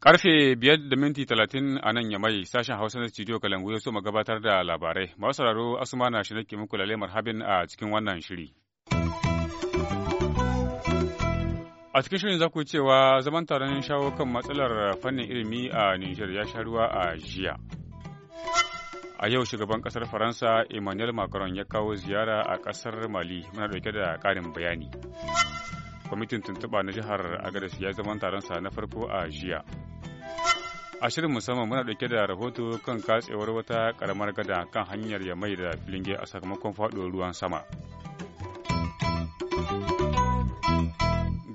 Karfe biyar da minti talatin a nan yamai sashen Hausa na studio Kalangu ya so gabatar da labarai. Masu sauraro Asuma na shi nake muku marhabin a cikin wannan shiri. A cikin shirin za ku cewa zaman taron shawo kan matsalar fannin ilimi a Nijar ya sha ruwa a jiya. a yau shugaban kasar faransa emmanuel macron ya kawo ziyara a kasar mali muna dauke da karin bayani kwamitin tuntuba na jihar agadas ya zama taronsa na farko a jiya a shirin musamman muna dauke da rahoto kan katsewar wata karamar gada kan hanyar ya mai da filinge a sakamakon faɗo ruwan sama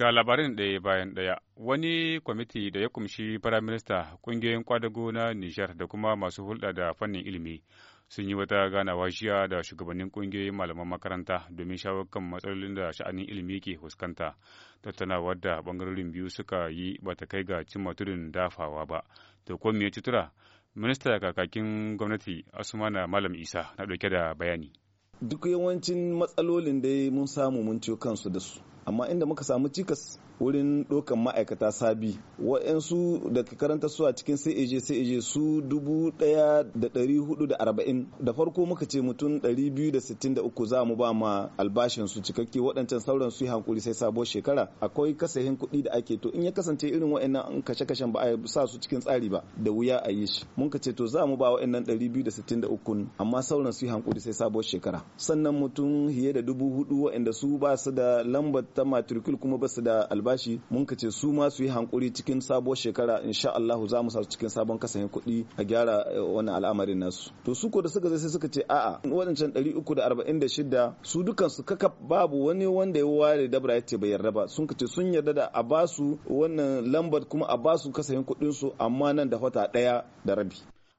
Ga labarin ɗaya bayan ɗaya, wani kwamiti da ya kumshi Firaminista, ƙungiyoyin kwadago na Nijar da kuma masu hulɗa da fannin ilimi sun yi wata ganawa jiya da shugabannin ƙungiyoyin malaman makaranta domin shawo kan matsalolin da sha'anin ilimi ke fuskanta. Tattaunawar da ɓangarorin biyu suka yi ba ta kai ga cimma tudun dafawa ba. To ko me ya ci tura? Minista kakakin gwamnati Asumana Malam Isa na ɗauke da bayani. Duk yawancin matsalolin dai mun samu mun ciyo kansu da su. amma inda muka samu cikas wurin dokan ma'aikata sabi waɗansu da karanta su a cikin sai CAG su dubu ɗaya da dari hudu da arba'in da farko muka ce mutum dari biyu da sittin da uku za mu ba ma albashin su cikakke waɗancan sauran su yi hankuri sai sabuwar shekara akwai kasahin kuɗi da ake to in ya kasance irin an kashe-kashen ba a sa su cikin tsari ba da wuya a yi shi mun ka ce to za mu ba wayannan dari biyu da sittin da uku amma sauran su yi hankuri sai sabuwar shekara sannan mutum hiye da dubu hudu su ba su da lambar ta matrikul kuma ba su da albashi mun ka ce su ma su yi hankuri cikin sabuwar shekara insha Allah za mu sa su cikin sabon kasahin kuɗi a gyara eh, wannan al'amarin nasu to su ko da suka zai sai suka ce a'a wadancan 346 su dukan su kaka babu wani wanda ya ware dabra ya ce bai yarda ba sun ce sun yarda da a basu wannan lambar kuma a basu kasahin kuɗin su amma nan da wata ɗaya da rabi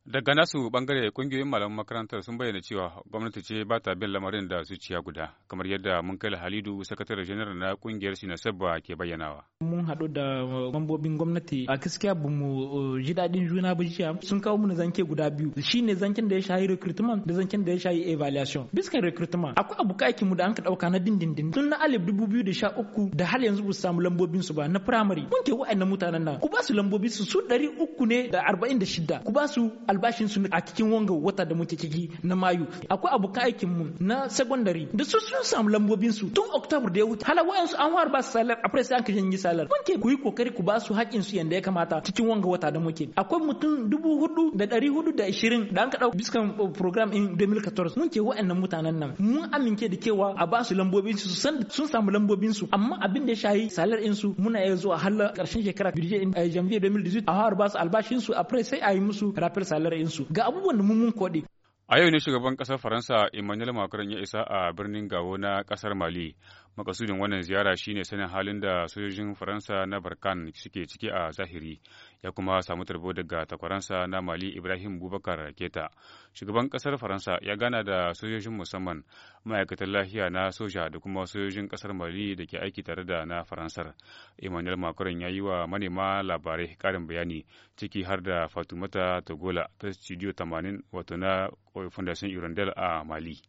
Daga nasu bangare kungiyoyin malaman makarantar sun bayyana cewa gwamnati ce ba ta bin lamarin da zuciya guda, kamar yadda mun kai Halidu sakataren janar na kungiyar Sinasabba ke bayyanawa. Mun hadu da mambobin gwamnati a gaskiya ba mu uh, ji daɗin juna ba jiya sun kawo mu zanke guda biyu shine zanken da ya shahi recruitment da zanken da ya shahi evaluation. Biskan recruitment akwai abu aiki mu da an ka ɗauka na dindindin tun na alif dubu biyu da sha uku da hal yanzu ba su samu lambobin su ba na primary. Mun ke wa'annan mutanen nan ku ba su lambobi su su ɗari uku ne da arba'in da shida ku ba su albashin su a cikin wanga wata da muke ciki na mayu akwai abokan aikin mu na secondary da su sun samu lambobin su tun october da ya wuce hala wayan an war ba salar a sai an kashe yi salar kun ke ku kokari ku ba su haƙin su yanda ya kamata cikin wanga wata da muke akwai mutum dubu hudu da ɗari hudu da ishirin da an ka ɗauka biskan uh, program in 2014 mun ke wa'annan mutanen nan mun amince da cewa a ba su lambobin su san sun samu lambobin su amma abin da ya shayi salar in su muna iya zuwa har karshen shekara birje in eh, janvier 2018 a har ba su albashin su press sai a yi musu rappel salar lara'insu ga abubuwan da mun kwaɗe. A yau ne shugaban ƙasar Faransa Emmanuel Macron ya isa a birnin Gawo na ƙasar Mali. Makasudin wannan ziyara shine sanin halin da sojojin Faransa na Barkan suke ciki a zahiri. ya kuma samu tarbo daga takwaransa na mali ibrahim bubakar keta shugaban kasar faransa ya gana da sojojin musamman ma'aikatan lafiya na soja da kuma sojojin kasar mali da ke aiki tare da na faransar emmanuel macron ya yi wa manema labarai karin bayani ciki har da fatumata togola ta studio 80 wato na fondation irondel a mali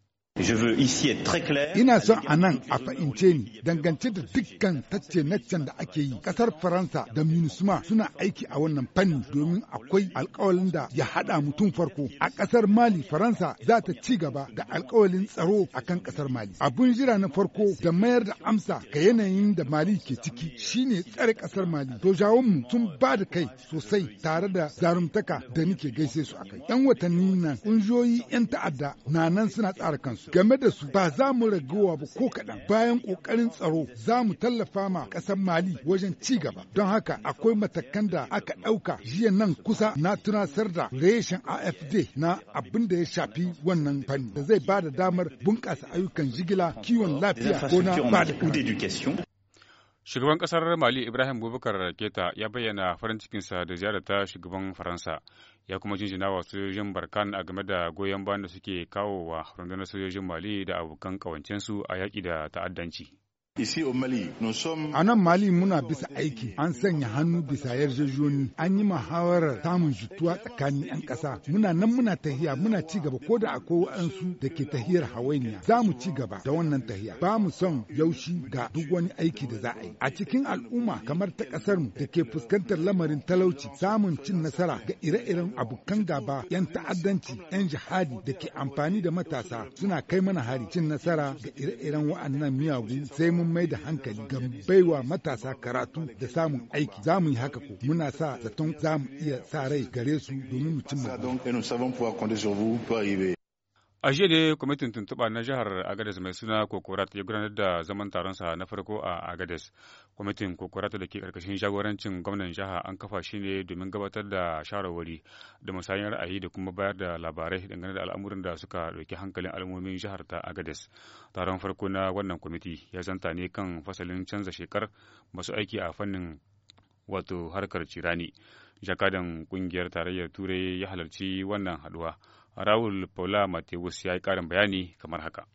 Ina son a nan a fahimce ni dangance da dukkan tacce can da ake yi. Kasar Faransa da Minusma suna aiki a wannan fanni domin akwai alkawalin da ya haɗa mutum farko. A kasar Mali Faransa za ta ci gaba da alkawalin tsaro a kan kasar Mali. Abun jira na farko da mayar da amsa ga yanayin da Mali ke ciki shine tsare kasar Mali. Dojawanmu sun ba da kai sosai tare da zarumtaka da nike gaise su a kai. 'Yan watanni nan ƙungiyoyi 'yan ta'adda na nan suna tsara kansu. game da su ba za mu raguwa ba ko kaɗan bayan ƙoƙarin tsaro za mu tallafa ma ƙasar mali wajen ci gaba don haka akwai matakan da aka ɗauka jiya nan kusa na tunasar da reshen afd na abin da ya shafi wannan fanni da zai ba da damar bunƙasa ayyukan jigila kiwon lafiya ko na ba da Shugaban ƙasar Mali Ibrahim Bubakar Raketa ya bayyana farin cikinsa da ziyarar ta shugaban Faransa, ya kuma jinjina wa sojojin Barkan a game da goyon bayan da suke kawo wa rundunar sojojin Mali da abokan kawancensu a yaƙi da ta'addanci. A nan Mali muna bisa aiki, an sanya hannu bisa yarjejoni, an yi muhawarar samun jituwa tsakanin 'yan ƙasa. Muna nan muna tahiya muna ci gaba ko da akwai waɗansu da ke tahiyar hawainiya. Za mu ci gaba da wannan tahiya. Ba mu son yaushi ga duk wani aiki da za a yi. A cikin al'umma kamar ta ƙasar mu da ke fuskantar lamarin talauci, samun cin nasara ga ire-iren abokan gaba, 'yan ta'addanci, 'yan jihadi da ke amfani da matasa suna kai mana hari cin nasara ga ire-iren wa'annan miyagu sai mu mun mai da hankali ga baiwa matasa karatu da samun aiki za mu yi haka ko muna sa zaton za mu iya sa rai gare su domin mu cimma. A jiya ne kwamitin tuntuɓa na jihar Agadez mai suna Kokorat ya gudanar da zaman taron sa na farko a Agadez. Kwamitin Kokorat da ke ƙarƙashin jagorancin gwamnan jiha an kafa shi ne domin gabatar da shawarwari da musayin ra'ayi da kuma bayar da labarai dangane da al'amuran da suka ɗauki hankalin al'ummomin jihar ta Agadez. Taron farko na wannan kwamiti ya zanta ne kan fasalin canza shekar masu aiki a fannin wato harkar cirani. Jakadan ƙungiyar tarayyar Turai ya halarci wannan haɗuwa. Rawul Paula Matewus ya yi ƙarin bayani kamar haka.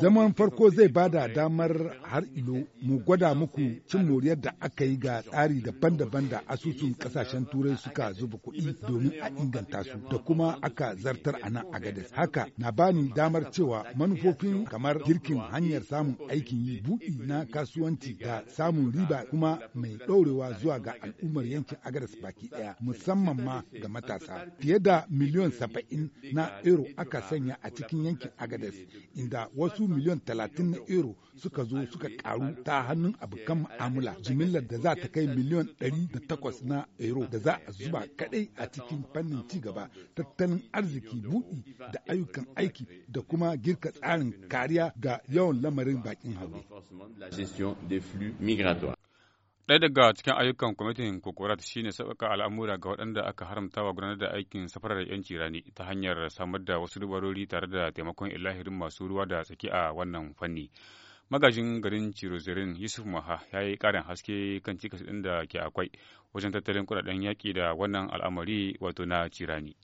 Zaman farko zai ba da damar har ilo mu gwada muku cin moriyar da aka yi ga tsari daban-daban da asusun kasashen turai suka zuba kuɗi domin a inganta su da kuma aka zartar a nan agades. Haka na bani damar cewa manufofin kamar girkin hanyar samun aikin yi buɗi na kasuwanci da samun riba kuma mai ɗorewa zuwa ga al'ummar yankin agadis baki ɗaya musamman ma ga matasa. Fiye da miliyon saba'in na euro aka sanya a cikin yankin Agadez inda wasu miliyan talatin na euro suka zo suka karu ta hannun abokan mu'amala jimillar da za ta kai miliyan ɗari da takwas na euro da za a zuba kaɗai a cikin fannin cigaba tattalin arziki buɗi da ayyukan aiki da kuma girka tsarin kariya ga yawan lamarin bakin haure. Ɗaya daga cikin ayyukan kwamitin Kokorat shi ne sauƙaƙa al'amura ga waɗanda aka haramta wa gudanar da aikin safarar ‘yanci rani ta hanyar samar da wasu dubarori tare da taimakon ilahirin masu ruwa da tsaki a wannan fanni. Magajin garin Cirozirin Yusuf Maha ya yi ƙarin haske kan cikas ɗin da ke akwai wajen tattalin kuɗaɗen yaƙi da wannan al'amari wato na cirani.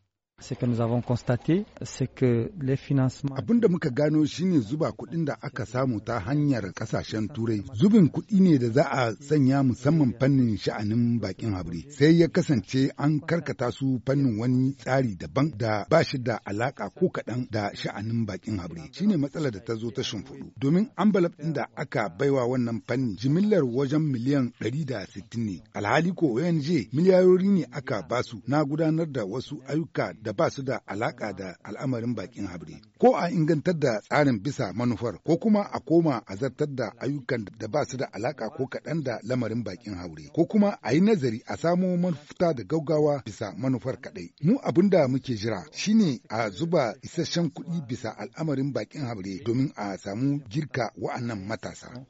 Abin da muka gano shine zuba kuɗin da aka samu ta hanyar ƙasashen turai. Zubin kuɗi ne da za a sanya musamman fannin sha'anin bakin habri. Sai ya kasance an karkata su fannin wani tsari daban da ba shi da alaƙa ko kaɗan da sha'anin bakin habri. Shine matsalar da ta zo ta shimfiɗu. Domin ambalab ɗin da aka baiwa wannan fannin jimillar wajen miliyan ɗari da sittin ne. Alhali ko ONG miliyarori ne aka basu na gudanar da wasu ayyuka da da ba su da alaƙa da al'amarin bakin habri ko a ingantar da tsarin bisa manufar ko kuma a koma a zartar da ayyukan da ba su da alaƙa ko kaɗan da lamarin bakin haure ko kuma a yi nazari a samo mafuta da gaugawa bisa manufar kaɗai mu abin da muke jira shine a zuba isasshen kuɗi bisa al'amarin bakin haure domin a samu girka wa'annan matasa.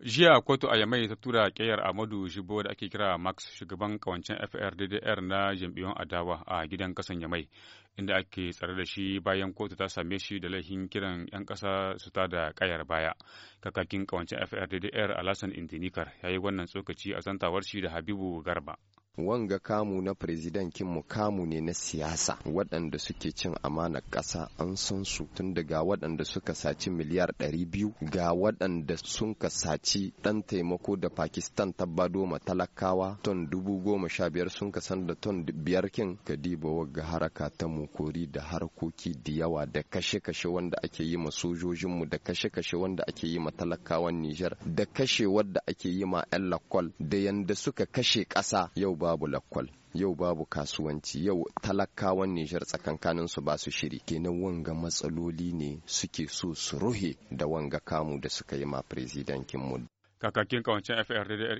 Jiya kotu a Yamai ta tura kayar Amadu Shibo da ake kira Max shugaban kawancen FRDDR na jam'iyyun adawa a gidan kasan Yamai inda ake tsare da shi bayan kotu ta same shi da laifin kiran 'yan kasa su ta da kayar baya. Kakakin kawancen FRDDR Alasan Indinikar ya yi wannan tsokaci a zantawar shi da Habibu Garba. wanga kamu na firizidan mu kamu ne na siyasa waɗanda suke cin amanar ƙasa an san su tun daga waɗanda suka saci miliyar ɗari biyu ga waɗanda sun ka saci ɗan taimako da pakistan ta ma talakawa ton dubu goma sha biyar sun ka san da ton biyar kin ka diba wagga haraka ta mukori da harkoki da yawa da kashe-kashe wanda ake yi ma sojojinmu da kashe-kashe wanda ake yi ma talakawan nijar da kashe wadda ake yi ma 'yan lakwal da yanda suka kashe ƙasa yau ba babu lakwal yau babu kasuwanci yau talakawan Nijar tsakankanin su ba su shiri kenan wanga matsaloli ne suke so su ruhe da wanga kamu da suka yi ma firizidankin mu kakakin kawancin da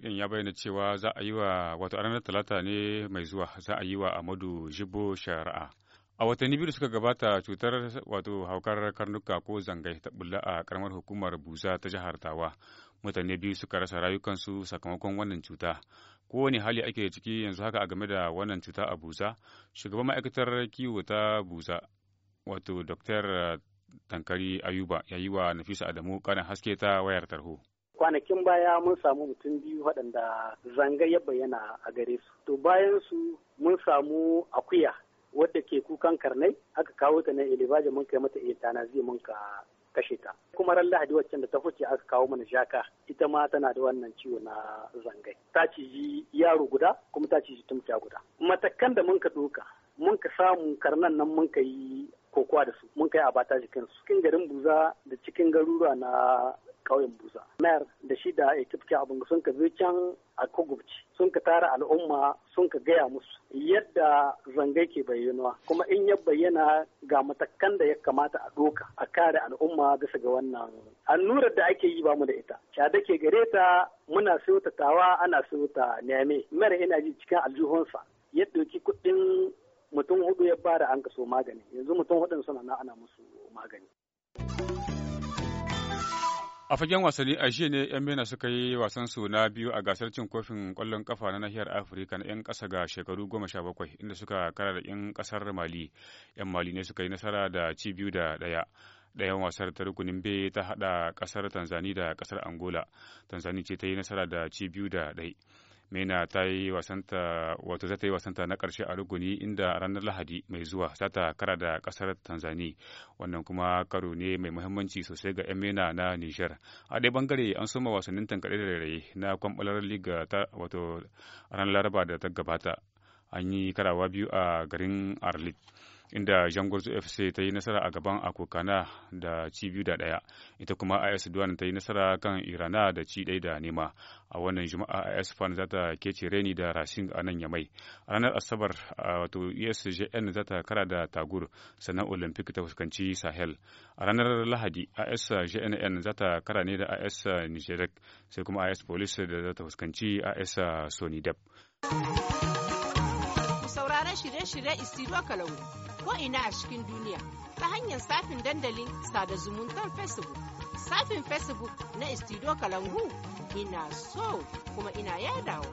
ɗin ya bayyana cewa za a yi wa wato ranar talata ne mai zuwa za a yi wa Amadu Jibo shari'a a watanni biyu suka gabata cutar wato haukar karnuka ko zangai ta bulla a karamar hukumar buza ta jihar tawa mutane biyu suka rasa rayukansu sakamakon wannan cuta kowane hali ake ciki yanzu haka a game da wannan cuta a busa shugaban ma'aikatar kiwo ta busa wato dr eh, tankari ayuba ya yi wa nafisa adamu karin haske ta wayar tarho kwanakin baya mun samu mutum biyu waɗanda zanga ya bayyana a gare su to bayan su mun samu akuya wadda ke kukan karnai aka kawo ta na ilibaja mun kai mata iya tana zai mun ka kashe ta kuma ran lahadi waccan da ta fice aka kawo mana shaka ita ma tana da wannan ciwo na zangai ta ciji yaro guda kuma ta ciji tumfiya guda matakan da mun ka doka mun ka samu karnan nan mun ka yi kokowa da su mun yi abata jikin su cikin garin buza da cikin garuruwa na ƙauyen busa mayar da shi da ekipke abin sun ka biyu can a kugubci sun ka tara al'umma sun ka gaya musu yadda zangai ke bayyanuwa kuma in ya bayyana ga matakan da ya kamata a doka a kare al'umma bisa ga wannan allurar da ake yi ba mu da ita Shada ke gare ta muna siyota tawa ana siyota neme mayar ina ji cikin aljihunsa ya ɗauki kuɗin mutum hudu ya bada an kaso magani yanzu mutum hudun suna na ana musu magani A fagen wasanni a jiya ne 'yan Bena suka yi wasan su na biyu a gasar cin kofin kwallon kafa na nahiyar Afirka na 'yan ƙasa ga shekaru goma sha bakwai inda suka kara da 'yan ƙasar Mali. 'Yan Mali ne suka yi nasara da ci biyu da ɗaya. Ɗayan wasar ta rukunin bai ta haɗa ƙasar Tanzani da ƙasar Angola. Tanzani ce ta yi nasara da ci biyu da ɗaya. Mena ta yi wasanta wato za ta yi wasanta na ƙarshe a ruguni inda ranar Lahadi mai zuwa za kara da ƙasar Tanzania. Wannan kuma karo ne mai muhimmanci sosai ga 'yan Mena na Nijar. A ɗaya bangare an soma wasannin tankaɗe da rairaye na kwamɓalar liga ta wato ranar Laraba da ta gabata. An yi karawa biyu a garin Arlit. inda jangurzu fc ta yi nasara a gaban akokana da ci biyu da ɗaya ita kuma as duwan ta yi nasara kan irana da ci ɗaya da nema a wannan juma'a as fan za ta kece reni da rashin a nan yamai a ranar asabar wato esjn za ta kara da tagur sannan olympic ta fuskanci sahel a ranar lahadi as jnn za ta kara ne da as nigeria sai kuma as police da za ta fuskanci as sonidep shirye-shirye Isiro Kalangu ko ina a cikin duniya ta hanyar safin dandalin sada zumuntar Facebook. Safin Facebook na Isiro Kalangu ina so kuma ina yadawa.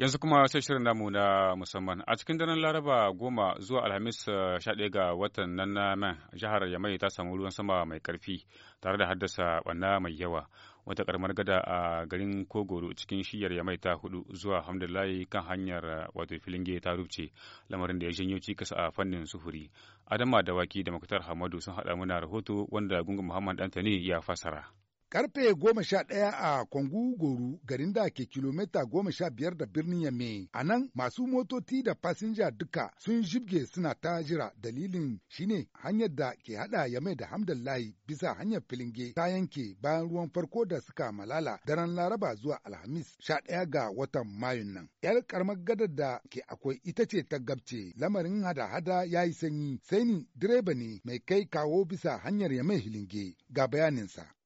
Yanzu kuma sai shirin namu na musamman a cikin daren Laraba goma zuwa Alhamis eh, sha ɗaya ga watan nan na jihar Yamai ta samu ruwan sama mai ƙarfi tare da haddasa ɓanna mai yawa. wata karamar gada a garin kogoro cikin shiyar ya ta hudu zuwa hamdulahi kan hanyar eh, wato filinge ta rubce lamarin da ya janyo cikas a fannin sufuri adama da waki da makutar hamadu sun haɗa muna rahoto wanda gungun muhammad dantani ya fasara Karfe goma sha ɗaya a Kwangu Goru garin da ke kilomita goma sha biyar da birnin Yame, a nan masu motoci da fasinja duka sun jibge suna ta jira dalilin shine hanyar da ke haɗa Yame da Hamdallahi bisa hanyar Filinge ta yanke bayan ruwan farko da suka malala daren Laraba zuwa Alhamis sha ɗaya ga watan Mayun nan. ‘Yar karamar gadar da ke akwai ita ce ta gabce lamarin hada-hada ya yi sanyi sai ni direba ne mai kai kawo bisa hanyar Yame Hilinge ga bayaninsa.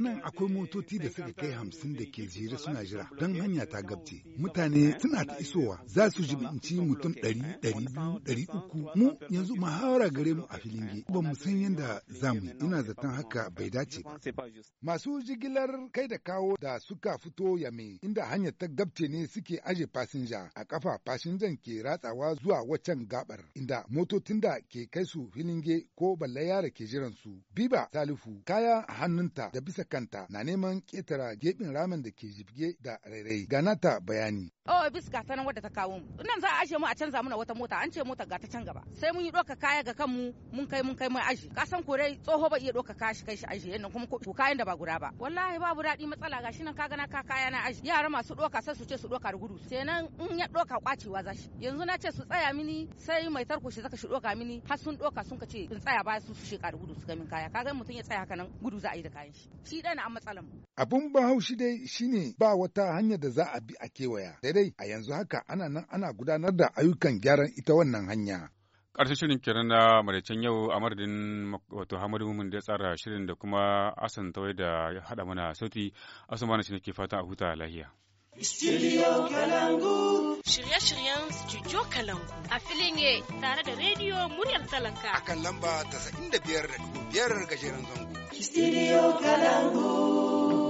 nan akwai motoci da suka kai hamsin da ke jere suna jira don hanya ta gabce. Mutane suna ta isowa za su jibinci mutum ɗari, ɗari biyu, ɗari uku. Mu yanzu muhawara gare mu a filinge. Ba mu san yadda za mu ina zaton haka bai dace ba. Masu jigilar kai da kawo da suka fito yame inda hanyar ta gabce ne suke aje fasinja a kafa fasinjan ke ratsawa zuwa waccan gabar inda motocin da ke kai su filinge ko balle yara ke jiran su. Biba Salifu kaya a hannunta ta da bisa kanta na neman ƙetara geɓin ramin da ke jibge da rairai. nata bayani. Oh, bis ga ta nan wadda ta kawo mu. Nan za a ashe mu a canza mana wata mota, an ce mota ga ta can gaba. Sai mun yi doka kaya ga kanmu, mun kai mun kai mai aji. Ka san kore tsoho ba iya doka kaya shi kai shi aji, yannan kuma ko kayan da ba guda ba. Wallahi babu daɗi matsala ga shi nan ka gana ka kaya na aji. Yara masu doka sai su ce su doka da gudu. nan in ya doka kwacewa za shi. Yanzu na ce su tsaya mini sai mai tarko shi zaka shi doka mini har sun doka sun ka ce in tsaya ba su su sheka da gudu su ga min kaya. Kaga mutum ya tsaya haka nan gudu za a yi da kayan shi. Shi na an matsalan mu. Abun ba dai shine ba wata hanya da za a bi a kewaya. dai a yanzu haka ana nan ana gudanar da ayyukan gyaran ita wannan hanya. Ƙarshen shirin kenan na maraicen yau a madadin wato Hamadu Mumin da tsara shirin da kuma Asan Tawai da haɗa mana sauti Asumana shi ke fatan a huta lahiya. Studio Kalangu. Shirye-shiryen Studio Kalangu. A filin ye tare da rediyo muryar talaka. A kan lamba 95.5 gajeren zango. Studio Kalangu.